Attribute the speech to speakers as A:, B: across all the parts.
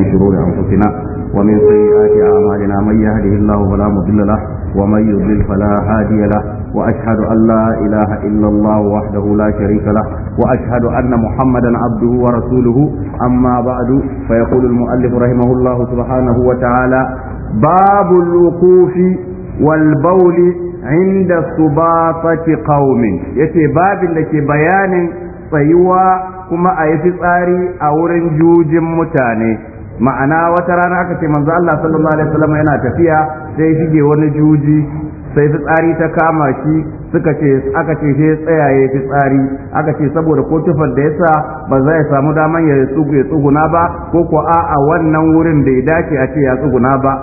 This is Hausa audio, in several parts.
A: من شرور أنفسنا ومن سيئات أعمالنا من يهده الله فلا مضل له ومن يضلل فلا هادي له وأشهد أن لا إله إلا الله وحده لا شريك له وأشهد أن محمدا عبده ورسوله أما بعد فيقول المؤلف رحمه الله سبحانه وتعالى باب الوقوف والبول عند سباطة قوم يتي باب التي بيان tsayuwa kuma a yi fitsari a wurin jujin mutane ma'ana wata rana aka ce manzo Allah sallallahu alaihi wasallam yana tafiya sai shige wani juji sai fitsari ta kama shi suka ce aka ce sai tsaya ya fitsari aka ce saboda ko tufar da yasa ba za ya samu daman ya tsugu ya tsuguna ba ko ko a'a wannan wurin da ya dace a ce ya tsuguna ba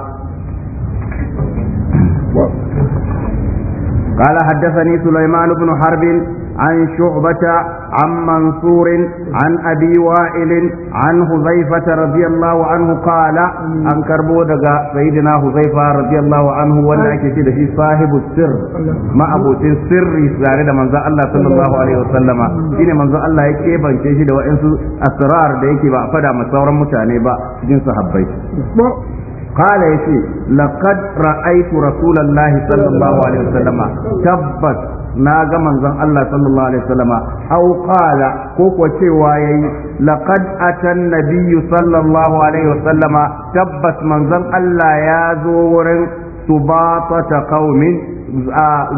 A: قال حدثني سليمان بن حرب عن شعبة عن منصور عن أبي وائل عن حذيفة رضي الله عنه قال عن كربودك سيدنا حذيفة رضي الله عنه وانا أكيد في صاحب السر ما أبو السر إذا من الله صلى الله عليه وسلم إن من الله كيف أن تشهد وإنسو أسرار ديكي بأفدا مسورا متعني بأ جنس حبيت قال يسي لقد رأيت رسول الله صلى الله عليه وسلم تبت ناغا منزن الله صلى الله عليه وسلم أو قال كوكو تيواي لقد أتى النبي صلى الله عليه وسلم تبت منزن الله يا زور سباطة قوم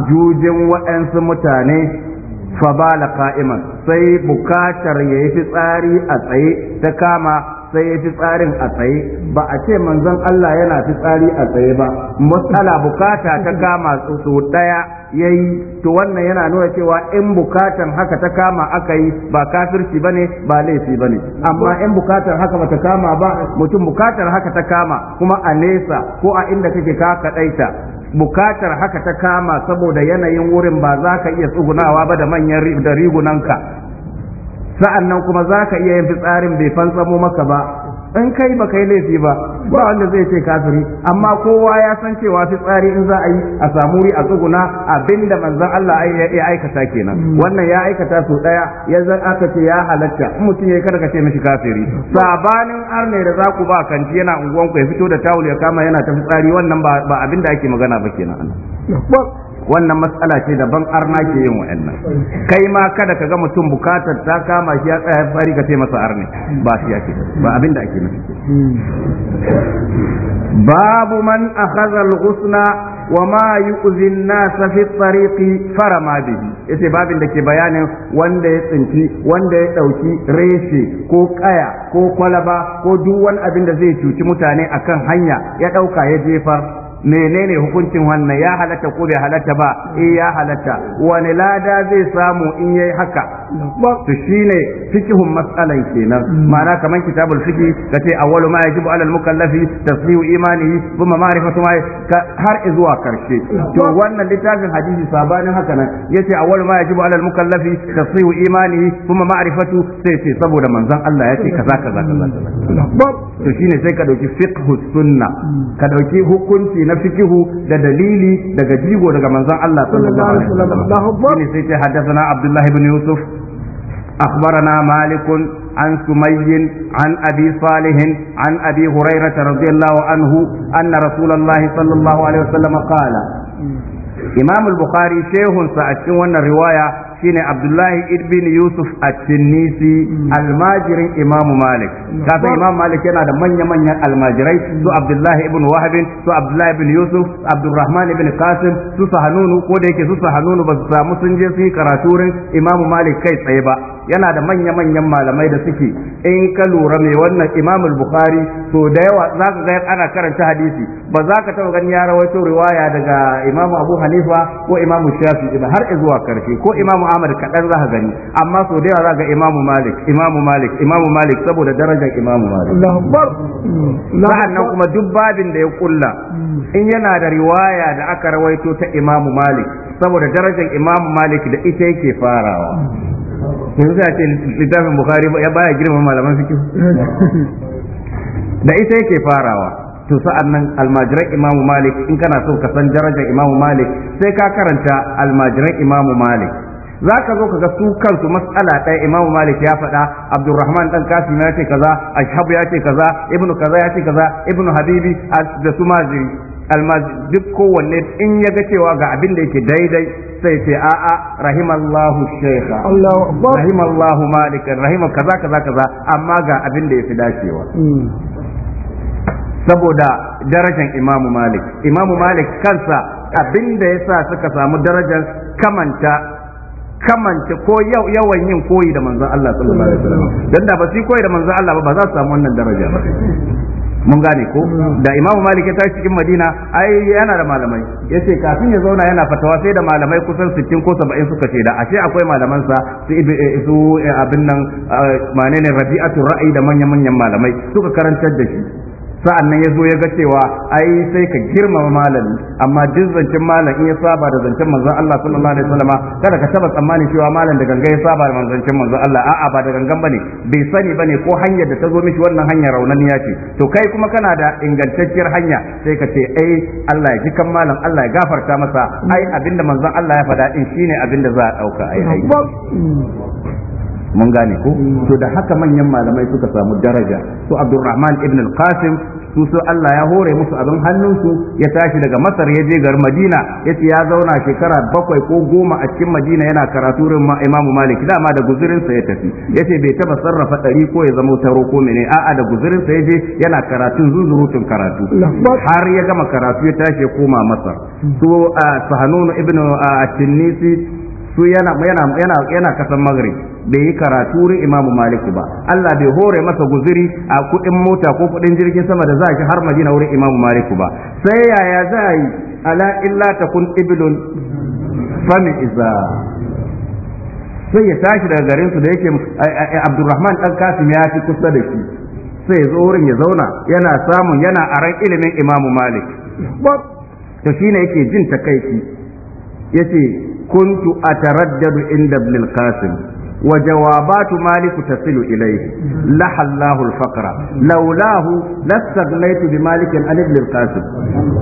A: جوج وأنس متاني فبال قائما sai bukatar ya yi fitsari a sai ya fi tsarin a tsaye ba a ce manzon Allah yana fi tsari a tsaye ba matsala bukata ta kama su daya yayi to wannan yana nuna cewa in bukatan haka ta kama aka yi ba kafirci bane ba laifi bane amma in bukatan haka bata kama ba mutum bukatar haka ta kama kuma a nesa ko a inda kake ka kadaita bukatar haka ta kama saboda yanayin wurin ba za ka iya tsugunawa ba da manyan da rigunanka sa'annan kuma za ka iya yin fitsarin bai fantsamo maka ba in kai ba kai laifi ba ba wanda zai ce kafiri amma kowa ya san cewa fitsari in za a yi a samu a tsuguna abinda manzon Allah ya aikata kenan wannan ya aikata su daya ya aka ce ya halatta in mutum ya karka ce mishi kafiri sabanin arne da za ku ba kanti yana unguwanku ya fito da tawul ya kama yana ta fitsari wannan ba abinda ake magana ba kenan wannan matsala ce daban arna ke yin wa'annan kai ma kada ka ga mutum bukatar ta kama shi ya tsaya fari ka ce masa arne ba shi ake ba abin da ake nufi babu man akhadha al-ghusna wa ma yu'zi an-nas fi tariqi farama bihi yace babin da ke bayanin wanda ya tsinci wanda ya dauki reshe ko kaya ko kwalaba ko duk wani abin da zai cuci mutane akan hanya ya dauka ya jefar menene hukuncin wannan ya halatta ko bai halatta ba eh ya halatta wani lada zai samu in yayi haka to shine fikihun mas'alan kenan ma'ana kaman kitabul fiqh kace awwalu ma yajibu alal mukallafi tasdiqu imanihi thumma ma'rifatu ma har zuwa karshe to wannan littafin hadisi sabanin haka nan yace awwalu ma yajibu alal mukallafi tasdiqu imanihi thumma ma'rifatu sai ce saboda manzon Allah yace kaza kaza kaza to shine sai ka dauki Fiqhus sunna ka dauki hukuncin. na fikihu da dalili daga jigo daga manzon Allah sallallahu alaihi wasallam sai ce haddathana Abdullah ibn Yusuf أخبرنا مالك عن سمي عن أبي صالح عن أبي هريرة رضي الله عنه أن رسول الله صلى الله عليه وسلم قال إمام البخاري شيخ سأتشون الرواية shine Abdullahi ibn Yusuf at-Tinnisi hmm. almajirin Imam Malik hmm. ka Imam Malik yana da manya manyan almajirai su Abdullahi ibn Wahab su Abdullahi ibn Yusuf Abdurrahman ibn Qasim su Sahanunu ko da yake su Sahanunu ba su samu sun je su yi karatu Imam Malik kai tsaye ba yana da manya-manyan malamai da suke in ka lura mai wannan imam bukhari to da yawa za ka ga ana karanta hadisi ba za ka taɓa gani ya rawaito riwaya daga imam abu hanifa ko imam shafi ba har zuwa karshe ko imam ahmad kaɗan za ka gani amma so da yawa za ka ga imam malik imam malik imam malik saboda darajar imam malik sa'annan kuma duk babin da ya kulla hmm. in yana da riwaya da aka rawaito ta imam malik saboda darajar imam malik da ita yake farawa hmm. yanzu za a ce littafin bukari ya baya girma malaman fiki da ita yake farawa to sa'an nan almajiran imamu malik in kana so ka san darajar imamu malik sai ka karanta almajiran imamu malik za ka zo ka ga su kansu matsala ɗaya imamu malik ya faɗa abdulrahman ɗan kasim ya ce kaza ashabu ya ce kaza ibnu kaza ya ce kaza ibnu habibi da su maziri duk kowanne in ya ga cewa ga abin da yake daidai sai ce a a rahimallahu sheikha Allahu akbar rahimallahu malikan rahima kaza kaza kaza amma ga abin da yafi dacewa hmm. saboda darajar imamu malik imamu malik kansa abin da yasa suka samu darajar kamanta kamance ko yawan yin koyi da manzon Allah sallallahu alaihi wasallam hmm. dan da ba su koyi da manzon Allah ba ba za su samu wannan daraja ba mun gane ko mm. da imamu malik ya tashi cikin madina ai yana da malamai yace kafin ya zauna yana fatawa sai da malamai kusan 60 ko 70 suka ce da ashe akwai malaman sa su eh, su eh, abin nan eh, manene rabi'atu ra'ayi da manyan manyan malamai suka karantar da shi sa'an nan ya zo ya ga cewa ai sai ka girmama malami amma duk zancen malam in ya saba da zancen manzon Allah sallallahu alaihi wasallama kada ka taba tsammani cewa malam da ganga ya saba da zancen manzon Allah a'a ba da gangan bane bai sani ba ne ko hanyar da ta zo mishi wannan hanyar ya ce to kai kuma kana da ingantacciyar hanya sai ka ce ai Allah ya ji kan malam Allah ya gafarta masa ai abinda manzon Allah ya faɗa din shine abinda za a dauka ai ai mun gane ko to da haka manyan malamai suka samu daraja su Abdurrahman ibn al-Qasim su so Allah ya hore musu abin hannunsu ya tashi daga Masar ya je gar Madina ya ce ya zauna shekara bakwai ko goma a cikin Madina yana karatu rin Imam Malik da ma da guzurin sa ya tafi Ya ce bai taba sarrafa dari ko ya zama taro ko mene a'a da guzurin sa je yana karatun zuzurutun karatu har ya gama karatu ya tashi ya koma Masar To Sahanun ibn at-Tinisi to yana yana yana yana kasan magrib bai yi karatu ri imamu malik ba Allah bai hore masa guziri a kuɗin mota ko kuɗin jirgin sama da za shi har madina wurin imamu malik ba sai yaya za yi ala illa takun iblun fami iza sai ya tashi daga garin su da yake abdurrahman dan Kasim ya fi kusa da shi sai ya zo wurin ya zauna yana samun yana aran ilimin imamu malik to shine yake jin takaici yace kuntu ataraddadu inda ibn al-qasim وجوابات مالك تصل إليه لح الله الفقر لولاه لاستغنيت بمالك عن ابن القاسم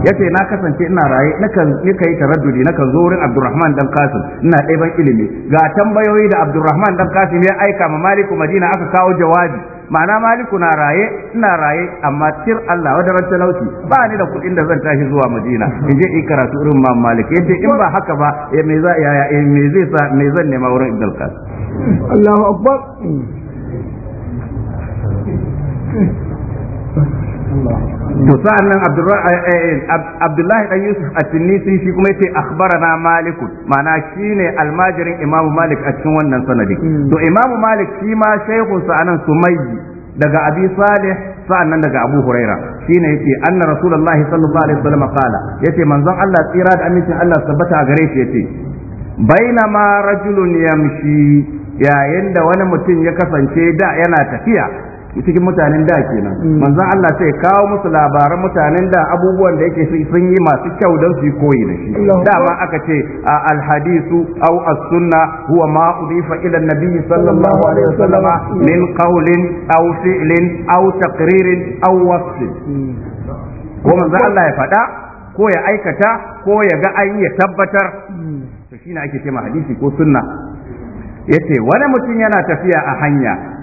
A: yace na kasance ina raye nakan nika yi taraddudi nakan zo wurin Abdulrahman dan Qasim ina ɗaiban ilimi ga tambayoyi da Abdulrahman dan Qasim ya aika ma Maliku Madina aka kawo jawabi ma'ana maliku na raye ina raye amma tir Allah wa daraja talauci ba ni da kuɗin da zan tashi zuwa Madina in je in karatu irin ma malik yace in ba haka ba ya eh, me za ya eh, me zai sa me zan nema wurin Ibn Qasim Allahu akbar to sa'an nan eh, eh, eh, abdullahi dan yusuf a tinisi shi kuma yace na malik mana shine almajirin imamu malik a cikin wannan sanadi mm. to imamu malik shi ma shaykhun sa anan sumayyi daga abi salih sa'an nan daga abu huraira shine yace anna rasulullahi sallallahu alaihi wasallam qala yace manzon Allah tsira da amincin Allah tabbata gare shi yace bainama rajulun yamshi yayin da wani mutum ya kasance da yana tafiya cikin mutanen da kenan mm. manzon Allah sai kawo musu labaran mutanen da abubuwan da yake sun yi masu kyau don su koyi da shi dama aka ce al hadisu aw as sunna huwa ma udifa ila nabi sallallahu alaihi wasallam min qawlin aw fi'lin aw taqririn aw wasfin mm. ko manzon Allah ya faɗa ko ya aikata ko ya ga an ya tabbatar mm. to shine ake cewa hadisi ko sunna yace wani mutum yana tafiya a hanya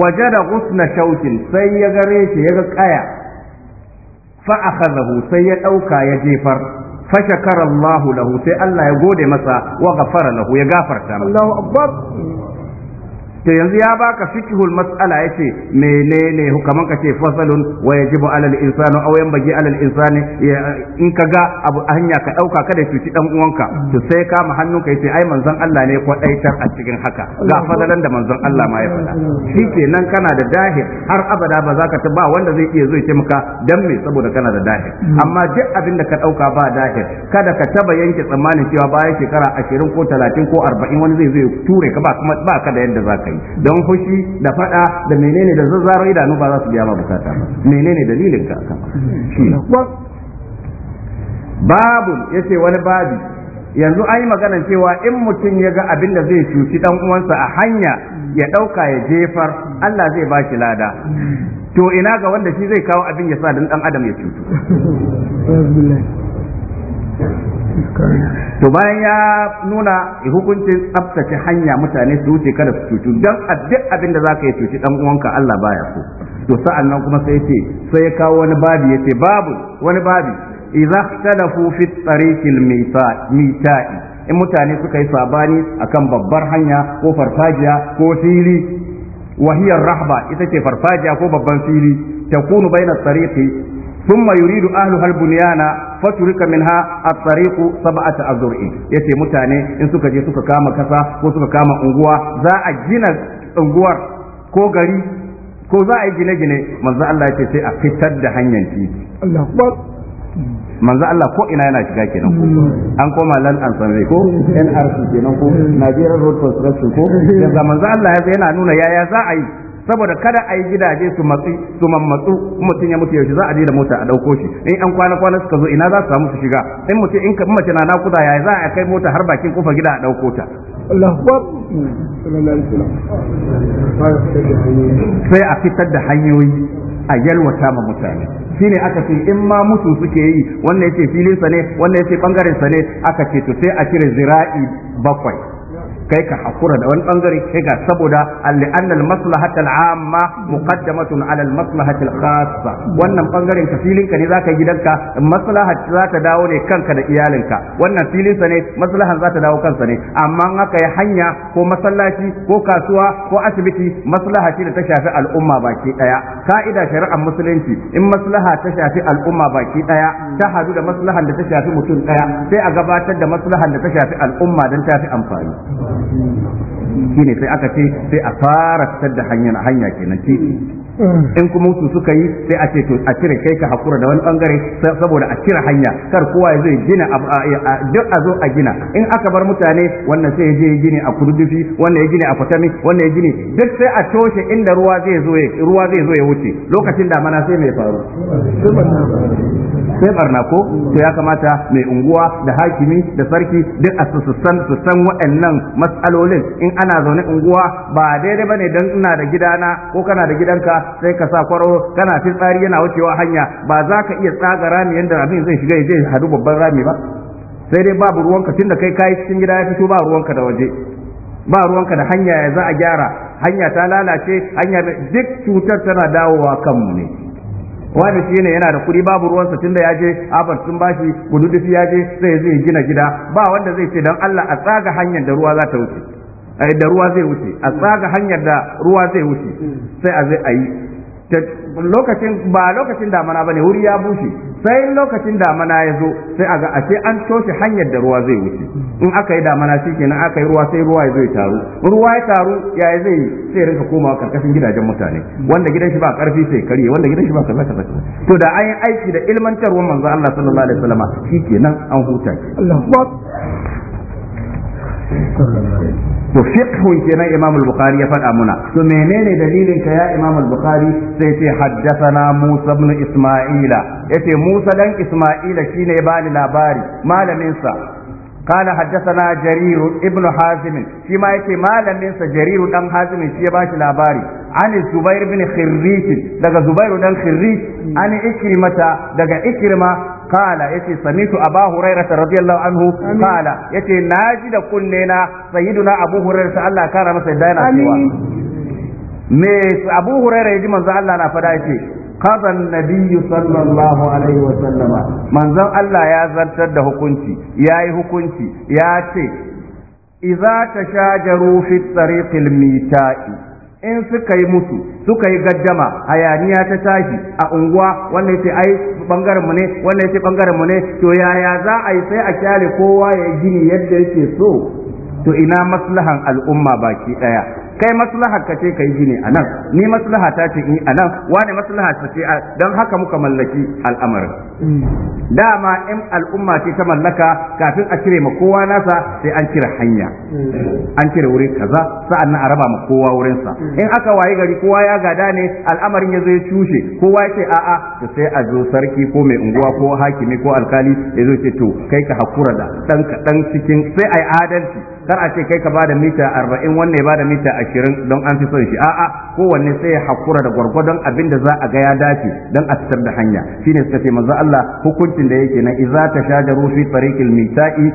A: waje da gusna shaukin sai ya gare shi ya ga kaya fa akhadahu sai ya ɗauka ya jefar fa shakara Allahu lahu sai Allah ya gode masa wa ghafara lahu ya gafarta masa Allahu akbar to yanzu ya baka fikihul mas'ala yace menene ka kace fasalun wa yajibu alal insani aw yanbaghi alal insani in ka ga abu a hanya ka dauka kada cuci dan uwanka to sai ka ma hannunka yace ai manzon Allah ne ko kwadaitar a cikin haka ga fadalan da manzon Allah ma ya faɗa shikenan kana da dahir har abada ba za ka ta ba wanda zai iya zo ya ce dan me saboda kana da dahir amma duk abin da ka dauka ba dahir kada ka taba yanke tsammanin cewa bayan shekara 20 ko 30 ko 40 wani zai zo ya ture ka ba ba ka da yadda za ka kai don fushi da fada da menene da zazzaro idanu ba za su biya ma bukata ba menene dalilin ka babu yace wani babi yanzu an yi magana cewa in mutum ya ga abin da zai cuci dan uwansa a hanya ya ɗauka ya jefar Allah zai ba shi lada to ina ga wanda shi zai kawo abin ya sa dan adam ya cutu to bayan ya nuna hukuncin tsabtace hanya mutane su wuce kada su cutu dan duk abin da zaka yi cuci dan uwanka Allah baya so to sa'an nan kuma sai ce sai ya kawo wani babi ce babu wani babi idza ikhtalafu fi tariqil mita'i in mutane suka yi sabani akan babbar hanya ko farfajiya ko fili ita ce farfajiya ko أو fili فيلي تكون بين الطريق ثم يريد أهلها halbuniyana. faturika minha at-tariqu sab'ata azru'in yace mutane in suka je suka kama kasa ko suka kama unguwa za a gina unguwar ko gari ko za a yi gine-gine manzo Allah yace sai a fitar da hanyar titi Allahu akbar manzo Allah ko ina yana shiga kenan ko an koma lan an sanre ko NRC kenan ko Nigerian Road Construction ko yanzu manzo Allah yana nuna yaya za a yi saboda kada a yi gidaje su matsi su mammatsu mutum ya mutu yaushe za a je da mota a dauko shi in an kwana kwana suka zo ina za su samu su shiga in mutum in ka mace na nakuda yaya za a kai mota har bakin kofar gida a dauko ta sai a fitar da hanyoyi a yalwata ma mutane shine aka ce in ma mutu suke yi wannan yace filin sa ne wannan yace bangaren sa ne aka ce to sai a cire zira'i bakwai kai ka hakura da wani bangare kai ga saboda alli anna al amma muqaddamatun ala al khassa wannan bangaren ka filin ka ne zaka gidanka maslahat za ta dawo ne kanka da iyalinka wannan filin sa ne maslahan za ta dawo kansa ne amma in aka yi hanya ko masallaci ko kasuwa ko asibiti maslaha da ta shafi al'umma baki daya ka'ida shari'ar musulunci in maslaha ta shafi al'umma baki daya ta hadu da maslahan da ta shafi mutum daya sai a gabatar da maslahan da ta shafi al'umma don ta fi amfani shine sai aka ce sai a fara fitar da hanya hanya kenan ce in kuma mutu suka yi sai a ce to a cire kai ka hakura da wani bangare saboda a cire hanya kar kowa ya zai gina duk a zo a gina in aka bar mutane wannan sai ya je ya gine a kurdufi wannan ya gine a fatami wannan ya gine duk sai a toshe inda ruwa zai zo ya ruwa zai zo ya wuce lokacin damana sai mai faru sai barna ko to ya kamata mai unguwa da hakimi da sarki duk a sussan sussan waɗannan matsalolin in ana zaune unguwa ba daidai bane dan ina da gidana ko kana da gidanka sai ka sa kwaro kana fitsari yana wucewa hanya ba za ka iya tsaga rami yanda abin zai shiga ya je hadu babban rami ba sai dai babu ruwanka tunda kai kayi cikin gida ya fito ba ruwanka da waje ba ruwanka da hanya ya za a gyara hanya ta lalace hanya duk cutar tana dawowa kanmu ne wani shi ne yana da kuɗi babu ruwansa tunda ya je abar sun bashi gududufi ya je sai zai gina gida ba wanda zai ce dan Allah a tsaga hanyar da ruwa za ta wuce eh, da ruwa zai wuce a tsaga hanyar da ruwa zai wuce sai a zai a yi lokacin ba lokacin damana bane wuri ya bushe sai lokacin damana ya zo sai a ga a ce an toshe hanyar da ruwa zai wuce in aka yi damana kenan aka yi ruwa sai ruwa ya zo ya taru ruwa ya taru ya zai sai rinka komawa karkashin gidajen mutane wanda gidan shi ba karfi sai karye wanda gidan shi ba kaza kaza to da an yi aiki da ilmantarwar manzo Allah sallallahu alaihi wasallam kenan an huta Allahu to fiqhun kenan Imam al-Bukhari ya faɗa muna to menene dalilin ka ya Imam al-Bukhari sai ce haddathana Musa ibn Isma'ila yace Musa dan Isma'ila shine ya bani labari malamin sa قال jarir ibn hazim shi ma yace malamin sa jarir dan hazim shi ya bashi labari عن zubair ibn khirrit daga Zubairu dan khirrit an Ikrimata daga Ikrima qala yace samitu aba hurairah radiyallahu anhu qala yace ji da kunne na sayyiduna abu hurairah Allah kara masa yadda yana cewa me abu hurairah yaji manzo Allah na fada yace قضى النبي صلى الله عليه وسلم من زم الله يا زرتد حكمتي يا حكمتي يا تي إذا تشاجروا في الطريق الميتائي in suka yi mutu suka yi gaddama hayaniya ta tashi a unguwa wannan sai ai bangaren mu ne wannan sai bangaren mu ne to yaya za a yi sai a kyale kowa ya gini yadda yake so to ina maslahan al'umma baki daya kai maslaha ka ce kai gini a nan ni maslaha ta ce ni a nan wani maslaha ta ce don haka muka mallaki al'amarin dama in al'umma ce ta mallaka kafin a cire ma kowa nasa sai an cire hanya an cire wuri kaza sa'an nan a raba ma kowa wurinsa in aka wayi gari kowa ya gada ne al'amarin ya zo ya cushe kowa ya ce a'a to sai a zo sarki ko mai unguwa ko hakimi ko alkali ya zo ce to kai ka hakura da ɗan cikin sai ai adalci kar a ce kai ka bada mita arba'in wannan ya bada mita ashirin don an fi son shi a'a kowanne sai ya hakura da gwargwadon abin da za a ga ya dace don a fitar da hanya shine suka ce manzo Allah hukuncin da yake na iza tashajaru fi tariqil mita'i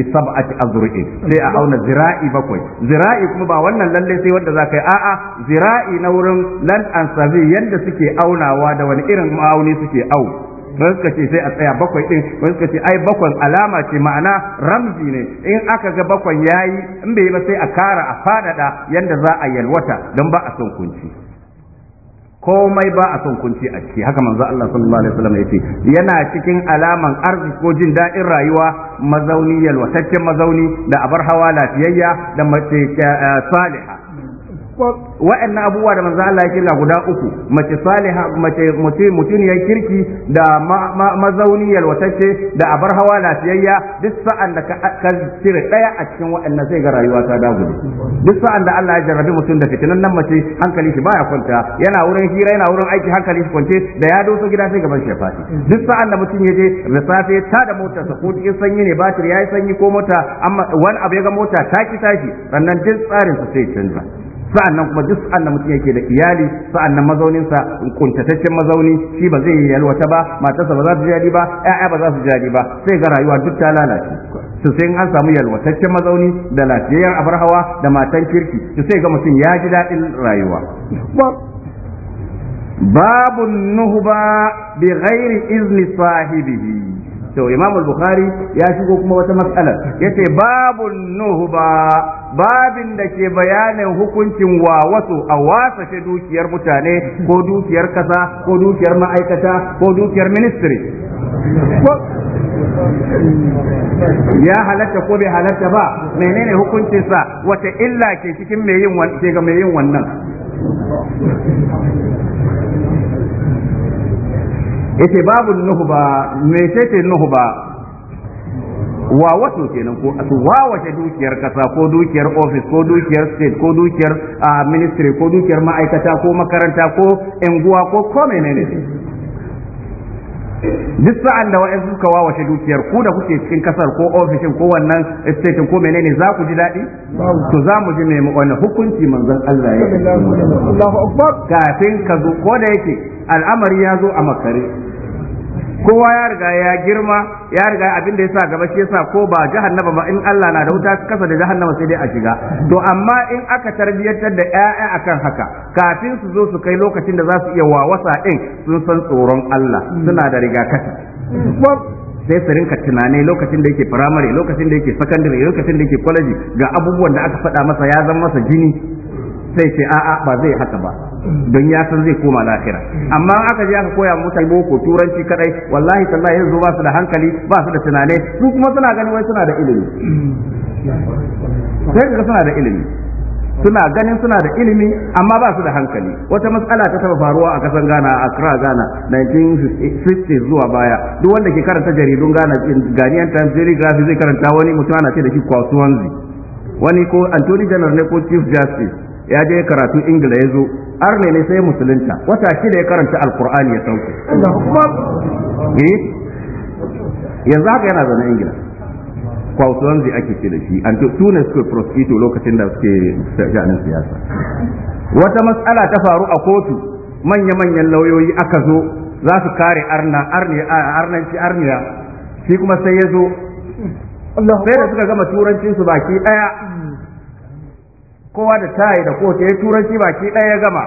A: bi sab'ati azru'i sai a auna zira'i bakwai zira'i kuma ba wannan lalle sai wanda za ka yi a'a zira'i na wurin land and survey yanda suke aunawa da wani irin ma'auni suke au wani suka ce sai a tsaya bakwai din wani suka ce ai bakwan alama ce ma'ana ramzi ne in aka ga bakwan yayi in bai ba sai a kara a fadada yanda za a yalwata don ba a son kunci komai ba a son kunci a ciki haka manzo Allah sallallahu alaihi wasallam yace yana cikin alaman arziki ko jin daɗin rayuwa mazauni yalwataccen mazauni da abar hawa lafiyayya da mace eh, eh, saliha wa'annan abubuwa da manzo Allah ya kirga guda uku mace saliha mace mutum ya kirki da mazauni yalwatacce da abar hawa lafiyayya duk sa'an da ka daya a cikin wa'annan zai ga rayuwa ta dagule duk sa'an da Allah ya jarrabi mutum da fitinan nan mace hankali shi baya kwanta yana wurin hira yana wurin aiki hankali shi kwance da ya doso gida sai gaban shi ya fati duk sa'an da mutum ya je da safe ta da motarsa sa ko cikin sanyi ne batir yayi sanyi ko mota amma wani abu ya ga mota ta ki tashi sannan duk tsarin su sai canza sa'annan kuma duk sa'annan mutum yake da iyali sa'annan mazauninsa kuntataccen mazauni shi ba zai yi yalwata ba matarsa ba za su jadi ba yaya ba za su jadi ba sai ga rayuwa duk ta lalace su sai an samu yalwataccen mazauni da lafiyayyar abar hawa da matan kirki su sai ga mutum ya ji daɗin rayuwa babu nuhu ba bi ghairi izni sahibihi to imam al-bukhari ya shigo kuma wata mas'ala yace babun nuhba babin da ke bayanin hukuncin wa wasu a wasashe dukiyar mutane ko dukiyar kasa ko dukiyar ma'aikata ko dukiyar ministry ya halatta ko bai halatta ba menene sa wata illa ke cikin mai yin wannan yace babu nuhba mecece nuhba wa wato kenan ko wa wace dukiyar kasa ko dukiyar office ko dukiyar state ko dukiyar ah, ministry ko dukiyar ma'aikata ko makaranta ko unguwa ko ko menene duk sa'an da wa'ansu suka wawashe dukiyar ku da kuke cikin kasar ko ofishin ko wannan station ko menene za ku ji daɗi to za mu ji mai wannan hukunci manzon Allah ya yi. kafin ka zo ko da yake al'amari ya zo a makare kowa ya riga ya girma ya riga abin da yasa gaba shi yasa ko ba jahannama ba in Allah na da wuta kasa da jahannama sai dai a shiga to amma in aka tarbiyyantar da ƴaƴa akan haka kafin su zo su kai lokacin da za su iya wawasa din sun san tsoron Allah suna da rigakafi sai su rinka tunanai lokacin da yake firamare lokacin da yake sakandare lokacin da yake college ga abubuwan da aka faɗa masa ya zama masa jini sai ce a'a ba zai haka ba don ya san zai koma lahira amma aka je aka koya musu boko turanci kadai wallahi tallahi yanzu ba su da hankali ba su da tunane su kuma suna ganin wai suna da ilimi sai ga suna da ilimi suna ganin suna da ilimi amma ba su da hankali wata matsala ta taba faruwa a kasan Ghana a Accra Ghana 1960 zuwa baya duk wanda ke karanta jaridun Ghana Ghanaian Times Daily zai karanta wani mutum ana ce da shi Kwasuwanzi wani ko Anthony General ne ko Chief Justice ya je karatu ingila ya zo arne ne sai musulunta wata shi da ya karanta alkur'ani ya sauke eh? yanzu haka yana zaune ingila kwautuwanzi ake ce da shi an tuna suke prosecutor lokacin da suke sha'anin siyasa wata matsala ta faru a kotu manya-manyan lauyoyi aka zo za su kare arna arnanci arniya shi kuma sai ya zo sai da suka gama turancin su baki daya kowa da tayi da kotu ya turanci baki ɗaya ya gama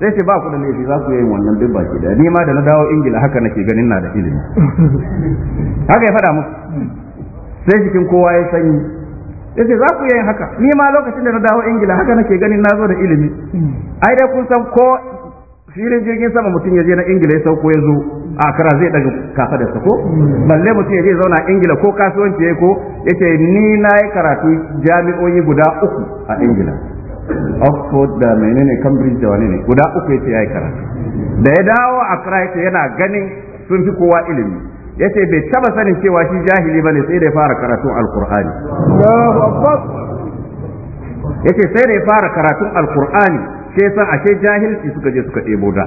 A: sai ce ba ku da laifi za ku yi wannan duk baki ɗaya ni ma da na dawo ingila haka nake ganin na da ilimi haka ya faɗa mu sai jikin kowa ya sanyi ce za ku yi haka ni ma lokacin da na dawo ingila haka nake ganin na zo da ilimi hmm. ai dai kun san ko filin jirgin sama mutum ya je na ingila ya sauko ya zo a kara zai daga kafa da ko balle mutum ya je zauna ingila ko kasuwanci ya ko ya ce ni na yi karatu jami'o'i guda uku a ingila oxford da menene cambridge da wani ne guda uku ya ce ya yi karatu da ya dawo a kara yace yana ganin sun fi kowa ilimi Ya ce bai taba sanin cewa shi jahili bane sai da ya fara karatun alkur'ani ce sai da ya fara karatun alkur'ani sai sa ashe jahilci suka je suka ɗebo da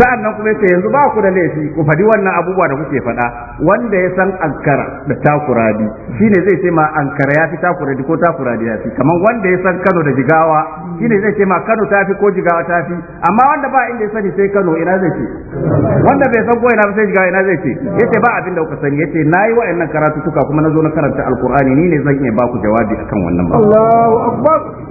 A: sa'an nan kuma yace yanzu ba ku da laifi ku faɗi wannan abubuwa da kuke faɗa wanda ya san ankara da takuradi shine zai ce ma ankara ya fi takuradi ko takuradi ya fi kamar wanda ya san kano da jigawa shine zai ce ma kano ta fi ko jigawa ta fi amma wanda ba inda ya sani sai kano ina zai ce wanda bai san ko ina sai jigawa ina zai ce yace ba abin da kuka sani yace nayi wa'annan karatu tuka kuma na zo na karanta alkur'ani ni ne zan iya ba ku jawabi akan wannan ba Allahu akbar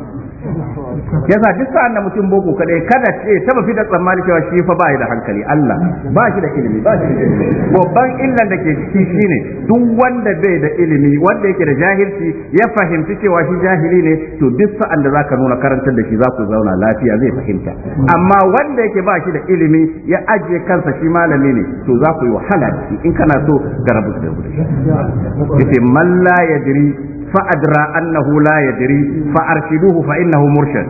A: yasa duk sa'an da mutum boko kadai kada ce taba fi da tsammani cewa shi fa ba da hankali Allah ba shi da ilimi ba shi da ilimi babban illan da ke ciki shine duk wanda bai da ilimi wanda yake da jahilci ya fahimci cewa shi jahili ne to duk sa'an da zaka nuna karantar da shi za ku zauna lafiya zai fahimta amma wanda yake ba shi da ilimi ya ajiye kansa shi malami ne to za ku yi wahala da shi in kana so garabu da gudu. shi man la فأدرى أنه لا يدري فأرشدوه فإنه مرشد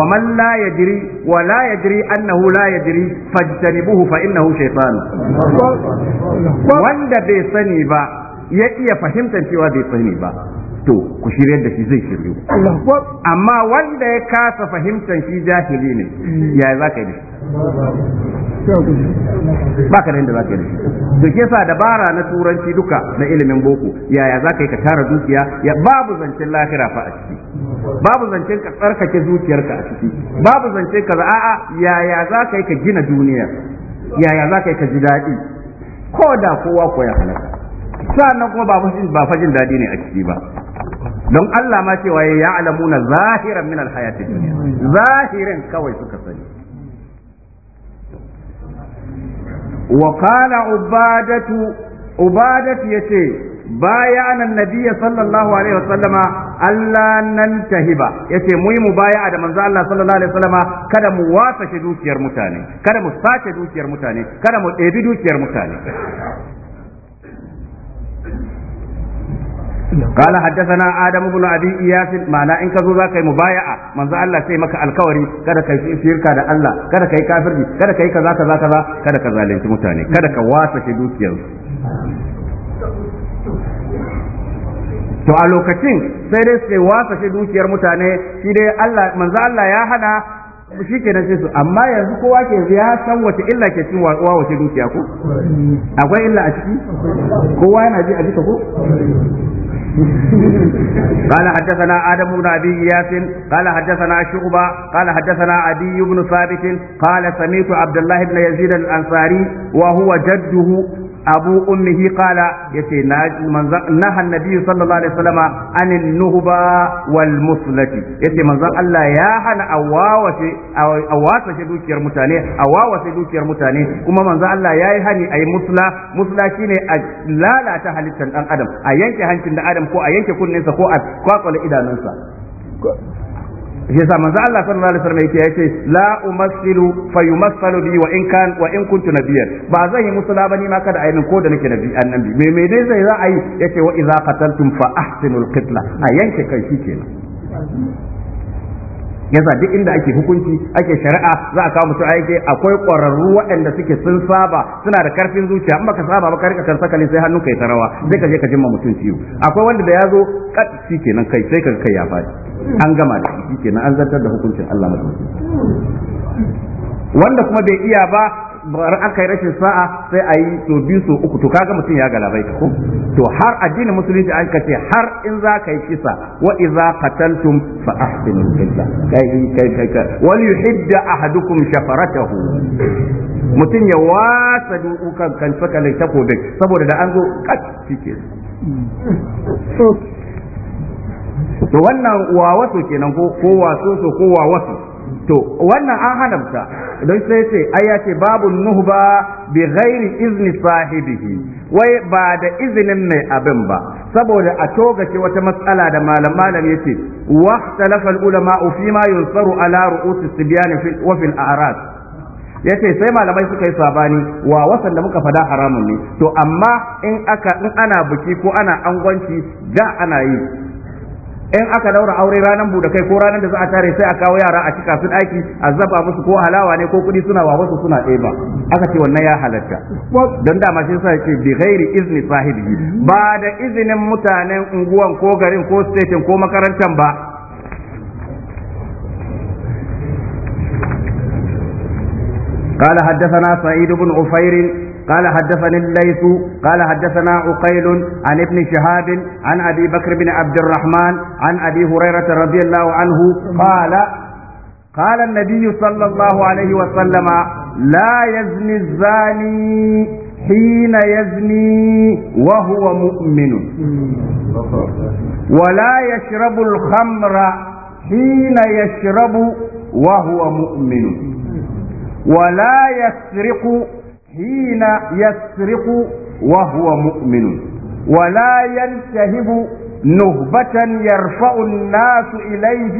A: ومن لا يدري ولا يدري أنه لا يدري فاجتنبوه فإنه شيطان وند بيسني با ya iya fahimtar cewa bai sani ba to ku shiryar da shi zai shiryu amma wanda ya kasa fahimtar shi jahili ne ya za ka yi ba ka da yadda za ka yi to ke sa dabara na turanci duka na ilimin boko yaya za ka yi ka tara dukiya ya babu zancen lahira fa a ciki babu zancen ka tsarkake zuciyarka a ciki babu zancen ka a'a yaya za ka yi ka gina duniya yaya za ka yi ka ji daɗi ko da kowa ko ya halaka sa'an nan kuma ba fajin daɗi ne a ciki ba don Allah ma cewa ya ya'lamuna zahiran min alhayati dunya zahirin kawai suka sani wa qala ubadatu ubadatu yace bayana annabi sallallahu alaihi wasallam Allah nan tahiba yace mu yi mubaya'a da manzo Allah sallallahu alaihi wasallam kada mu wasa dukiyar mutane kada mu sace dukiyar mutane kada mu ɗebi dukiyar mutane قال حدثنا ادم بن ابي اياس معنى ان كزو ذاك مبايعه ذا الله سي مك الكوري kada kai shirka da Allah kada kai kafirci kada kai kaza kaza kaza kada ka zalunci mutane kada ka wasa shi dukiyar to a lokacin sai dai sai wasa shi dukiyar mutane shi dai Allah manzo Allah ya hana shi ke nan su amma yanzu kowa ke ya san wace illa ke cin wa wace dukiya ko akwai illa a ciki kowa yana ji a jika ko قال حدثنا آدم بن أبي إياس قال حدثنا شعبة قال حدثنا أبي بن ثابت قال سمعت عبد الله بن يزيد الأنصاري وهو جده abu ummihi qala yace na manzon nahan nabi sallallahu alaihi wasallama anin nuhba wal muslati yace manzon Allah ya hana awawace awawace dukiyar mutane awawace dukiyar mutane kuma manzon Allah ya yi hani a yi musla ne a lalata halittar ɗan adam a yanke hancin da adam ko a yanke kunninsa ko a kwakwale idanunsa shi yasa manzo Allah sallallahu alaihi wasallam yake yace la umassilu fayumassalu bi wa in kan wa in kuntu nabiyyan ba zan yi musula bane ma kada ainin ko da nake nabi annabi me me dai zai za a yi yace wa idza qataltum fa ahsinul qitla a yanke kai shi kenan yasa duk inda ake hukunci ake shari'a za a kawo su aiki akwai ƙwararru waɗanda suke sun saba suna da karfin zuciya in baka saba ba ka rika kan sakali sai hannu kai tarawa sai ka je ka jimma mutum ciwo akwai wanda da ya zo kat shi kenan kai sai ka kai ya faɗi an gama da shi kenan an zartar da hukuncin Allah madaukakin wanda kuma bai iya ba aka yi rashin sa'a sai a yi to biyu so uku to kaga mutum ya galabai ko to har addinin musulunci an kace har in za ka yi kisa wa idza qataltum fa ahsinu al-qisa kai kai kai wal yuhidda ahadukum shafaratahu mutum ya wasa dukan kan sakalai takobin saboda da an zo kat shike to wannan wa waso kenan ko ko waso so ko wa waso to wannan an haramta don sai ce ai ya ce babu nuhba bi ghairi izni sahibihi wai ba da izinin mai abin ba saboda a togace wata matsala da malam malam yace wa talafa ulama fi ma yunsaru ala ru'us sibyan wa fil a'rad yace sai malamai suka yi sabani wa wasan da muka fada haramun ne to amma in aka in ana buki ko ana angwanci da ana yi in aka daura aure ranar bude kai ko ranar da za a tare sai a kawo yara a cika su daki a zaba musu ko halawa ne ko kudi suna wasu suna ba aka ce wannan ya halatta don dama shi sa ce bi ghairi izni sahibi ba da izinin mutanen unguwan ko garin ko station ko makarantar ba قال حدثنا سعيد بن عفير قال حدثني الليث قال حدثنا عقيل عن ابن شهاب عن أبي بكر بن عبد الرحمن عن أبي هريرة رضي الله عنه قال قال النبي صلى الله عليه وسلم لا يزني الزاني حين يزني وهو مؤمن ولا يشرب الخمر حين يشرب وهو مؤمن ولا يسرق حين يسرق وهو مؤمن ولا ينتهب نهبة يرفع الناس إليه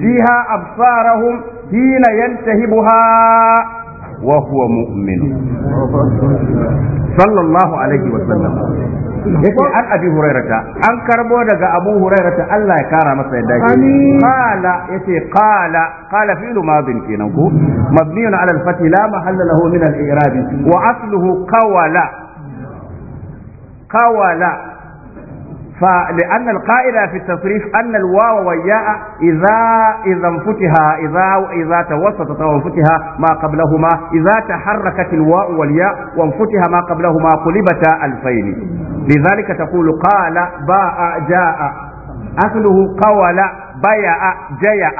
A: فيها أبصارهم حين ينتهبها وهو مؤمن صلى الله عليه وسلم yace an abi hurairata an karbo daga abu hurairata Allah ya kara masa yadda shi qala yace qala qala fi'lu madin kenan ko mabniun ala al-fath la mahalla lahu min al-i'rab wa asluhu qawala qawala فلأن القاعدة في التصريف أن الواو والياء إذا إذا انفتها إذا إذا توسطت وانفتها ما قبلهما إذا تحركت الواو والياء وانفتها ما قبلهما قلبتا ألفين لذلك تقول قال باء جاء أصله قول بيع جيع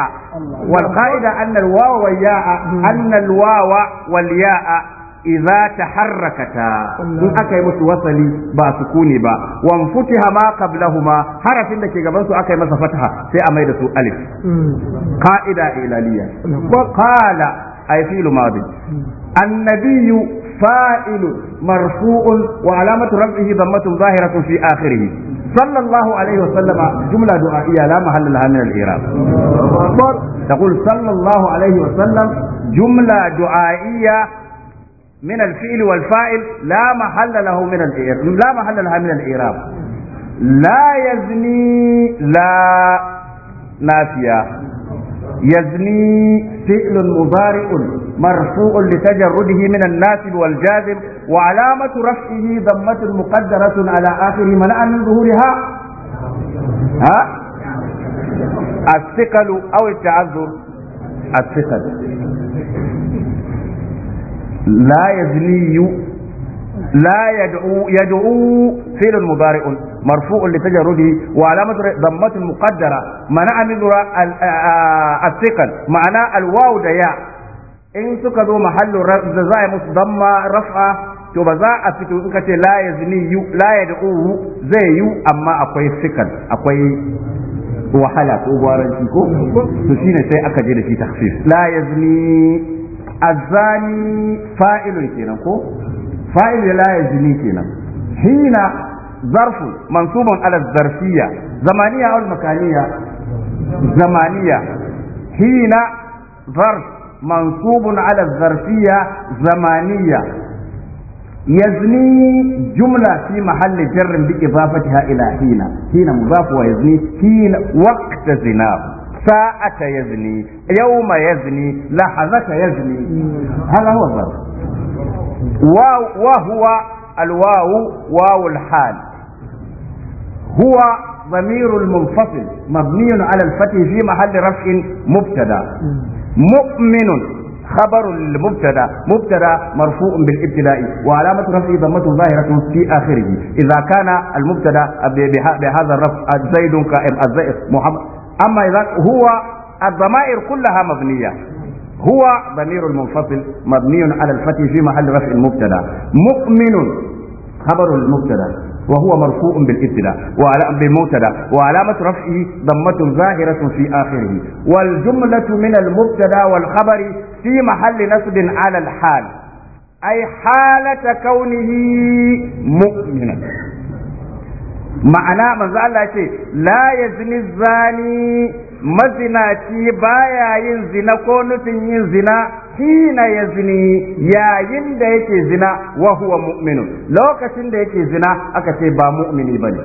A: والقائلة أن الواو والياء أن الواو والياء idza taharrakata in aka yi musu wasali ba sukuni ba wan futiha ma qablahuma harafin da ke gaban su aka yi masa fataha sai a mai da su alif Ka'ida ilaliya wa qala ay fi'lu madi annabiyyu fa'ilu marfu'un wa alamatu rafihi dhammatun zahiratun fi akhirih sallallahu alaihi jumla du'a'iyya la تقول صلى الله عليه وسلم جملة دعائية من الفعل والفاعل لا محل له من الإعراب لا محل لها من الإعراب لا يزني لا ناسيا يزني فعل مضارع مرفوع لتجرده من الناسب والجاذب وعلامة رفعه ضمة مقدرة على آخر منع من ظهورها ها الثقل أو التعذر الثقل la yazliyu لا يدعو يدعو فعل مضارع مرفوع لتجرده وعلامة ضمة مقدرة منع من الثقل معنى الواو ده يا إن سكدوا محل رفع ضمة رفعة to ba za a fito in ka ce la yazni yu la yad'u zai yu amma akwai sikal akwai wahala ko gwaranci ko to shine sai aka je da shi tafsir la yazni الزاني فاعل كينا كو فاعل لا يزني كينا حين ظرف منصوب على الظرفية زمانية أو المكانية زمانية حين ظرف منصوب على الظرفية زمانية يزني جملة في محل جر بإضافتها إلى حين حين مضاف ويزني حين وقت زناه ساعة يزني يوم يزني لحظة يزني هذا هو الظرف وهو الواو واو الحال هو ضمير المنفصل مبني على الفتح في محل رفع مبتدا مؤمن خبر المبتدا مبتدا مرفوع بالابتداء وعلامة رفعه ضمة ظاهرة في آخره إذا كان المبتدا بهذا الرفع زيد قائم محمد أما إذا هو الضمائر كلها مبنية هو ضمير المنفصل مبني على الفتح في محل رفع المبتدا مؤمن خبر المبتدا وهو مرفوع بالابتداء بالمبتدا وعلامة رفعه ضمة ظاهرة في آخره والجملة من المبتدا والخبر في محل نصب على الحال أي حالة كونه مؤمنا ma'ana manzo Allah ce la yazni zani mazinaci baya yin zina ko nufin yin zina hina yazni yayin da yake zina wa huwa mu'minu lokacin da yake zina aka ce ba mu'mini bane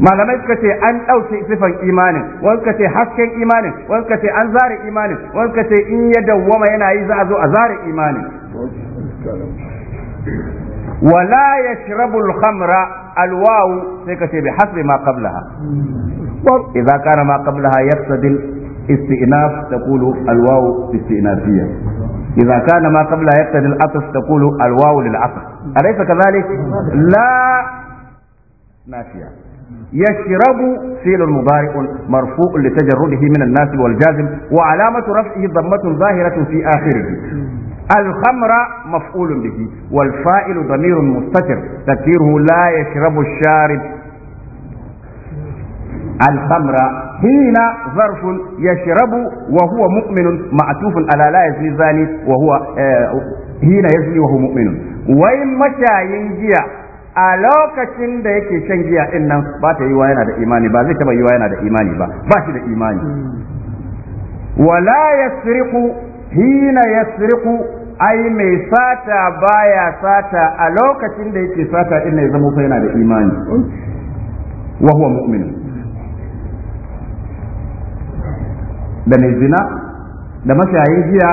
A: malamai suka ce an ɗauke sifan imanin wani suka ce hasken imanin wani suka ce an zare imanin wani suka ce in ya dawwama yana yi za a zo a zare imanin wala yashrabul khamra alwawu sai ka ce bi hasbi ma qablaha idza kana ma qablaha yaqtadi istinaf taqulu alwawu istinafiyya إذا كان ما قبلها يقتضي العطف تقول الواو للعطف أليس كذلك؟ لا نافية يشرب فعل مضارع مرفوع لتجرده من الناس والجازم وعلامة رفعه ضمة ظاهرة في آخره الخمر مفعول به والفائل ضمير مستتر تكيره لا يشرب الشارب الخمر حين ظرف يشرب وهو مؤمن معطوف على لا يزني زاني وهو حين يزني وهو مؤمن وإن متى ينجيع a lokacin da yake shan giya din nan ba ta yi wa yana da imani ba zai taba yi wa yana da imani ba ba shi da imani wala yasriqu hina yasriqu ai mai sata baya sata a lokacin da yake sata din ne zama fa yana da imani wa huwa mu'min da mai zina da mashayin jiya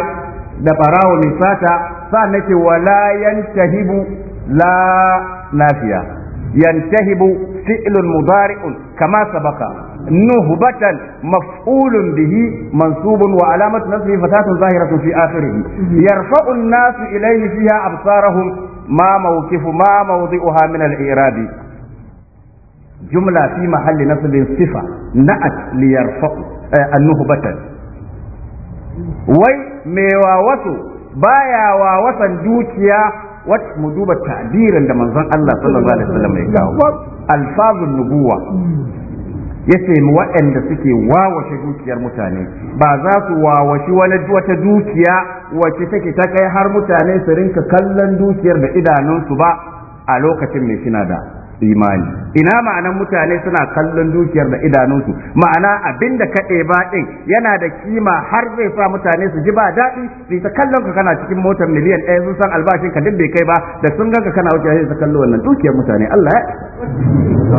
A: da barawo mai sata sa nake wala yantahibu la nafiya yantahibu fi'lun mudari'un kama sabaka نهبة مفعول به منصوب وعلامة نصبه فتاة ظاهرة في آخره يرفع الناس إليه فيها أبصارهم ما موقف ما موضعها من الإعراب جملة في محل نصب صفة نأت ليرفع النهبة وي ميواوته بايا واوسا دوكيا wat mu duba ta'birin da manzon Allah sallallahu alaihi wasallam ya kawo alfazun nubuwa Ya mu waɗanda suke wawashe dukiyar mutane ba za su wawashi wani wata dukiya wacce take ta kai har mutane su rinka kallon dukiyar da idanunsu ba a lokacin mai suna da imani ina ma'anan mutane suna kallon dukiyar da idanunsu ma'ana abin da ka ɗeba ɗin yana da kima har zai sa mutane su ji ba daɗi su ta kallon ka kana cikin motar miliyan ɗaya sun san albashin ka duk bai kai ba da sun ganka kana wuce sai ta kallo wannan dukiyar mutane Allah ya